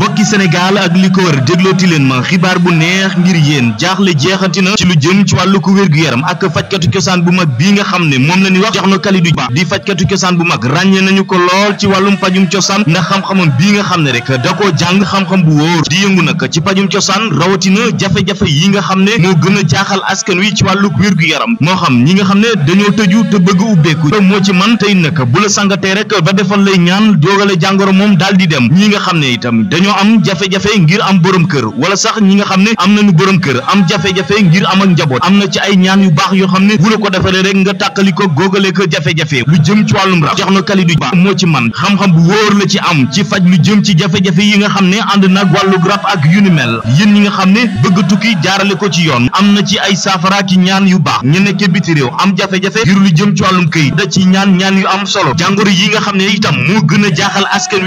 mbokk ci Sénégal ak li ko wër déglooti leen ma xibaar na ci lu jëm ci wàllu ko wér-gu-yaram ak fajkatu bu mag bii nga xam ne moom la ñuy wax Cheikhna Khalidou Ba di fajkatu cosaan bu mag ràññee nañu ko lool ci wàllum pajum cosaan ndax xam-xamam bii nga xam ne rek da koo jàng xam-xam bu wóor di yëngu nag ci pajum cosaan rawatina jafe-jafe yi nga xam ne moo gën a jaaxal askan wi ci wàllu wér-gu-yaram moo xam ñi nga xam ne dañoo tëju te bëgg ubbeeku moo ci man tey nag bu la sangatee rek ba defal lay ñaan doogale jàngoro moom daal di dem ñi nga xam ne itam dañoo am am jafe-jafe ngir am borom kër wala sax ñi nga xam ne am nañu borom kër am jafe-jafe ngir am ak njaboot am na ci ay ñaan yu baax yoo xam ne bu la ko defaree rek nga tàqali ko góogale ko jafe-jafe lu jëm ci wàllum rab jox na Kalidou Ba moo ci man xam-xam bu wóor la ci am ci faj lu jëm ci jafe-jafe yi nga xam ne ànd na wàllu rab ak yu ni mel yën ñi nga xam ne bëgg tukki jaarale ko ci yoon am na ci ay saafara ki ñaan yu baax ñu nekk biti réew am jafe-jafe ngir jëm ci wàllum këy da a jaaxal askan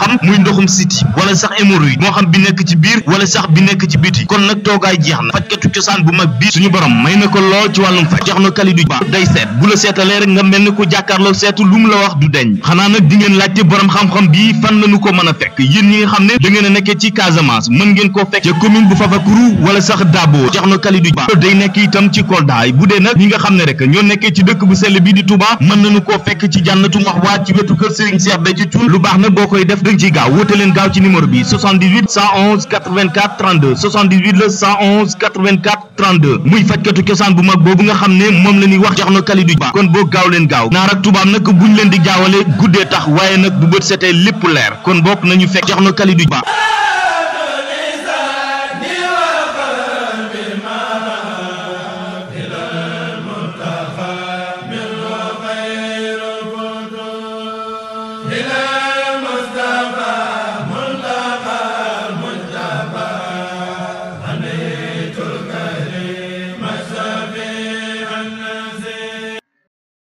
xam muy wala sax hémorroïde moo xam bi nekk ci biir wala bi nekk ci biti kon nag toogaay jeex na fajkatu cosaan bu mag bii suñu borom may ko lool ci wàllum na Kalidou Ba day seet bu la seetalee rek nga seetu lu mu la wax du deñ xanaa nag di ngeen laajte borom xam-xam bii fan lañu ko mën a fekk yéen ñi nga xam ne da ngeen a nekkee ci Casamance mën ngeen koo fekk ca commune bu Fafakuru wala sax Dabo jox na Kalidou Ba day nekk itam ci Kolda bu dee nag ñi nga xam ne rek ñoo nekkee ci dëkk bu sell bii di Touba mën nañu koo fekk ci jànnatu maxwaat ci wetu kër Serigne Cheikh Béthio Thioune lu baax na boo koy def dëgg ci gaaw woote leen gaaw ci numéro bi 78 111 84 32 78 la 111 84 muy fajkatu cosaan bu mag boobu nga xam ne moom la ñuy wax jox na Kalidou Ba kon boo gaaw leen gaaw naar ak tubaab nag buñ leen di jaawale guddee tax waaye nag bu bët setee lépp leer kon bokk nañu fekk jox na Kalidou Ba Hello